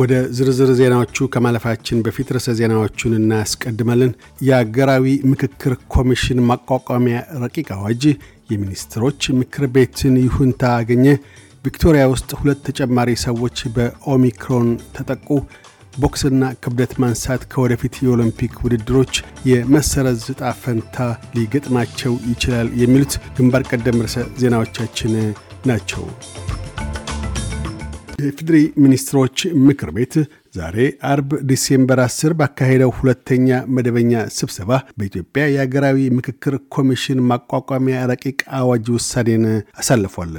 ወደ ዝርዝር ዜናዎቹ ከማለፋችን በፊት ርዕሰ ዜናዎቹን እናስቀድማለን። የአገራዊ ምክክር ኮሚሽን ማቋቋሚያ ረቂቅ አዋጅ የሚኒስትሮች ምክር ቤትን ይሁንታ አገኘ፣ ቪክቶሪያ ውስጥ ሁለት ተጨማሪ ሰዎች በኦሚክሮን ተጠቁ፣ ቦክስና ክብደት ማንሳት ከወደፊት የኦሎምፒክ ውድድሮች የመሰረዝ ዕጣ ፈንታ ሊገጥማቸው ይችላል የሚሉት ግንባር ቀደም ርዕሰ ዜናዎቻችን ናቸው። የፍድሪ ሚኒስትሮች ምክር ቤት ዛሬ አርብ ዲሴምበር 10 ባካሄደው ሁለተኛ መደበኛ ስብሰባ በኢትዮጵያ የሀገራዊ ምክክር ኮሚሽን ማቋቋሚያ ረቂቅ አዋጅ ውሳኔን አሳልፏል።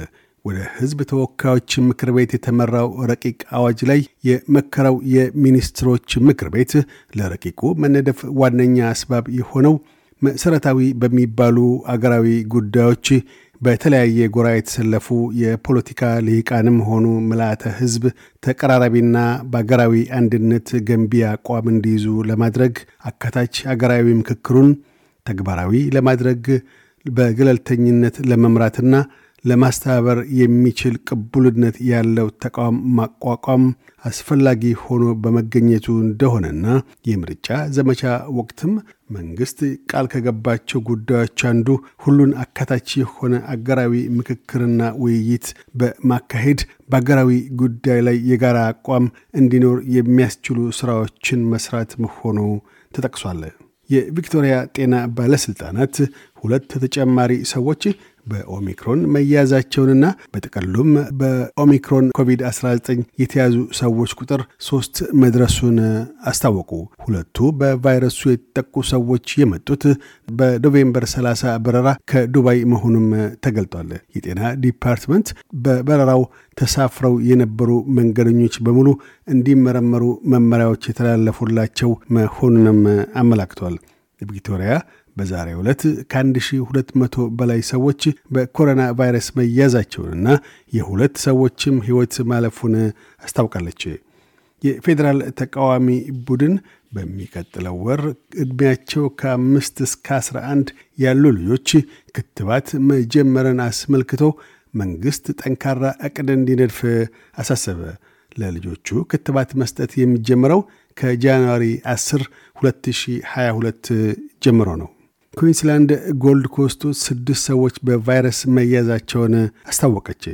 ወደ ህዝብ ተወካዮች ምክር ቤት የተመራው ረቂቅ አዋጅ ላይ የመከረው የሚኒስትሮች ምክር ቤት ለረቂቁ መነደፍ ዋነኛ አስባብ የሆነው መሠረታዊ በሚባሉ አገራዊ ጉዳዮች በተለያየ ጎራ የተሰለፉ የፖለቲካ ልሂቃንም ሆኑ ምልአተ ህዝብ ተቀራራቢና በአገራዊ አንድነት ገንቢ አቋም እንዲይዙ ለማድረግ አካታች አገራዊ ምክክሩን ተግባራዊ ለማድረግ በገለልተኝነት ለመምራትና ለማስተባበር የሚችል ቅቡልነት ያለው ተቋም ማቋቋም አስፈላጊ ሆኖ በመገኘቱ እንደሆነና የምርጫ ዘመቻ ወቅትም መንግስት ቃል ከገባቸው ጉዳዮች አንዱ ሁሉን አካታች የሆነ አገራዊ ምክክርና ውይይት በማካሄድ በአገራዊ ጉዳይ ላይ የጋራ አቋም እንዲኖር የሚያስችሉ ስራዎችን መስራት መሆኑ ተጠቅሷል። የቪክቶሪያ ጤና ባለሥልጣናት ሁለት ተጨማሪ ሰዎች በኦሚክሮን መያዛቸውንና በጥቅሉም በኦሚክሮን ኮቪድ-19 የተያዙ ሰዎች ቁጥር ሶስት መድረሱን አስታወቁ። ሁለቱ በቫይረሱ የተጠቁ ሰዎች የመጡት በኖቬምበር 30 በረራ ከዱባይ መሆኑም ተገልጧል። የጤና ዲፓርትመንት በበረራው ተሳፍረው የነበሩ መንገደኞች በሙሉ እንዲመረመሩ መመሪያዎች የተላለፉላቸው መሆኑንም አመላክቷል። ቪክቶሪያ በዛሬ ዕለት ከ1200 በላይ ሰዎች በኮሮና ቫይረስ መያዛቸውንና የሁለት ሰዎችም ሕይወት ማለፉን አስታውቃለች። የፌዴራል ተቃዋሚ ቡድን በሚቀጥለው ወር ዕድሜያቸው ከአምስት እስከ 11 ያሉ ልጆች ክትባት መጀመርን አስመልክቶ መንግሥት ጠንካራ ዕቅድ እንዲነድፍ አሳሰበ። ለልጆቹ ክትባት መስጠት የሚጀምረው ከጃንዋሪ 10 2022 ጀምሮ ነው። ኩዊንስላንድ ጎልድ ኮስቱ ስድስት ሰዎች በቫይረስ መያዛቸውን አስታወቀች።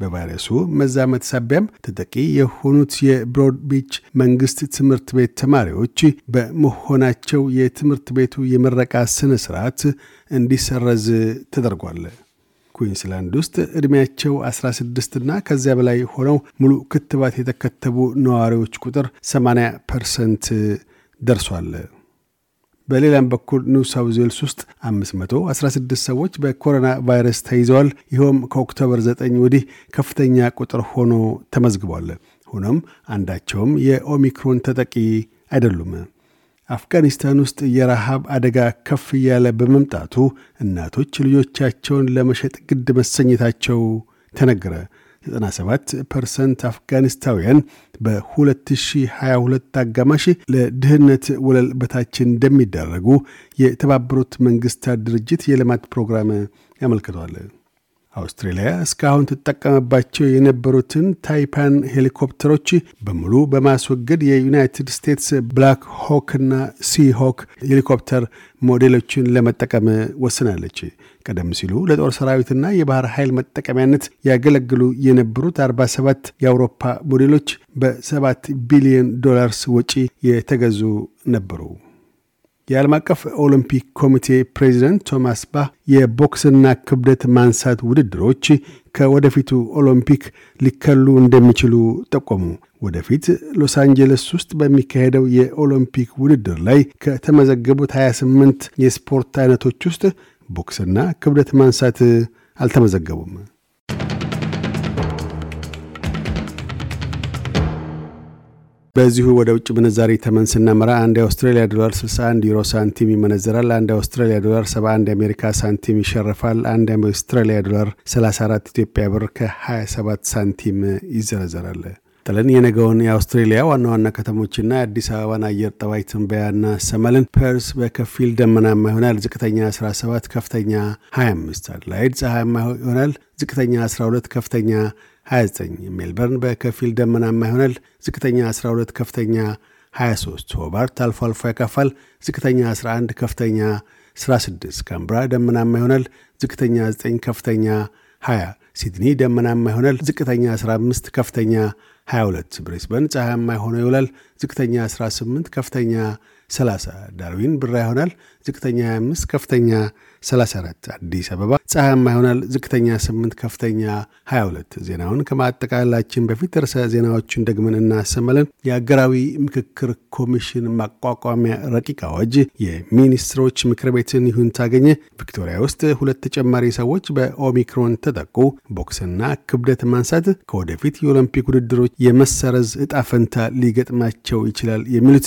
በቫይረሱ መዛመት ሳቢያም ተጠቂ የሆኑት የብሮድ ቢች መንግስት ትምህርት ቤት ተማሪዎች በመሆናቸው የትምህርት ቤቱ የምረቃ ስነ ስርዓት እንዲሰረዝ ተደርጓል። ኩንስላንድ ውስጥ ዕድሜያቸው 16 እና ከዚያ በላይ ሆነው ሙሉ ክትባት የተከተቡ ነዋሪዎች ቁጥር 80 ፐርሰንት ደርሷል። በሌላም በኩል ኒው ሳውዝ ዌልስ ውስጥ 516 ሰዎች በኮሮና ቫይረስ ተይዘዋል። ይኸውም ከኦክቶበር 9 ወዲህ ከፍተኛ ቁጥር ሆኖ ተመዝግቧል። ሆኖም አንዳቸውም የኦሚክሮን ተጠቂ አይደሉም። አፍጋኒስታን ውስጥ የረሃብ አደጋ ከፍ እያለ በመምጣቱ እናቶች ልጆቻቸውን ለመሸጥ ግድ መሰኘታቸው ተነገረ። 97 ፐርሰንት አፍጋኒስታውያን በ2022 አጋማሽ ለድህነት ወለል በታች እንደሚደረጉ የተባበሩት መንግስታት ድርጅት የልማት ፕሮግራም ያመልክተዋል። አውስትሬልያ እስካሁን ትጠቀምባቸው የነበሩትን ታይፓን ሄሊኮፕተሮች በሙሉ በማስወገድ የዩናይትድ ስቴትስ ብላክ ሆክና ሲሆክ ሄሊኮፕተር ሞዴሎችን ለመጠቀም ወስናለች። ቀደም ሲሉ ለጦር ሰራዊትና የባህር ኃይል መጠቀሚያነት ያገለግሉ የነበሩት 47 የአውሮፓ ሞዴሎች በ7 ቢሊዮን ዶላርስ ወጪ የተገዙ ነበሩ። የዓለም አቀፍ ኦሎምፒክ ኮሚቴ ፕሬዚደንት ቶማስ ባህ የቦክስና ክብደት ማንሳት ውድድሮች ከወደፊቱ ኦሎምፒክ ሊከሉ እንደሚችሉ ጠቆሙ። ወደፊት ሎስ አንጀለስ ውስጥ በሚካሄደው የኦሎምፒክ ውድድር ላይ ከተመዘገቡት 28 የስፖርት አይነቶች ውስጥ ቦክስና ክብደት ማንሳት አልተመዘገቡም። በዚሁ ወደ ውጭ ምንዛሪ ተመን ስናመራ አንድ የአውስትራሊያ ዶላር 61 ዩሮ ሳንቲም ይመነዘራል። አንድ የአውስትራሊያ ዶላር 71 የአሜሪካ ሳንቲም ይሸርፋል። አንድ የአውስትራሊያ ዶላር 34 ኢትዮጵያ ብር ከ27 ሳንቲም ይዘረዘራል። ጥለን የነገውን የአውስትሬሊያ ዋና ዋና ከተሞችና የአዲስ አበባን አየር ጠባይ ትንበያ እናሰማለን። ፐርስ በከፊል ደመናማ ይሆናል። ዝቅተኛ 17፣ ከፍተኛ 25። አድላይድ ፀሐያማ ይሆናል። ዝቅተኛ 12፣ ከፍተኛ 29። ሜልበርን በከፊል ደመናማ ይሆናል። ዝቅተኛ 12፣ ከፍተኛ 23። ሆባርት አልፎ አልፎ ያካፋል። ዝቅተኛ 11፣ ከፍተኛ 16። ካምብራ ደመናማ ይሆናል። ዝቅተኛ 9፣ ከፍተኛ 20። ሲድኒ ደመናማ ይሆናል። ዝቅተኛ 15፣ ከፍተኛ 22። ብሬስበን ፀሐያማ ሆኖ ይውላል። ዝቅተኛ 18፣ ከፍተኛ 30 ዳርዊን ብራ ይሆናል። ዝቅተኛ 25 ከፍተኛ 34 አዲስ አበባ ፀሐያማ ይሆናል። ዝቅተኛ 8 ከፍተኛ 22 ዜናውን ከማጠቃላችን በፊት ርዕሰ ዜናዎችን ደግመን እናሰማለን። የአገራዊ ምክክር ኮሚሽን ማቋቋሚያ ረቂቅ አዋጅ የሚኒስትሮች ምክር ቤትን ይሁን ታገኘ ቪክቶሪያ ውስጥ ሁለት ተጨማሪ ሰዎች በኦሚክሮን ተጠቁ። ቦክስና ክብደት ማንሳት ከወደፊት የኦሎምፒክ ውድድሮች የመሰረዝ እጣፈንታ ሊገጥማቸው ይችላል የሚሉት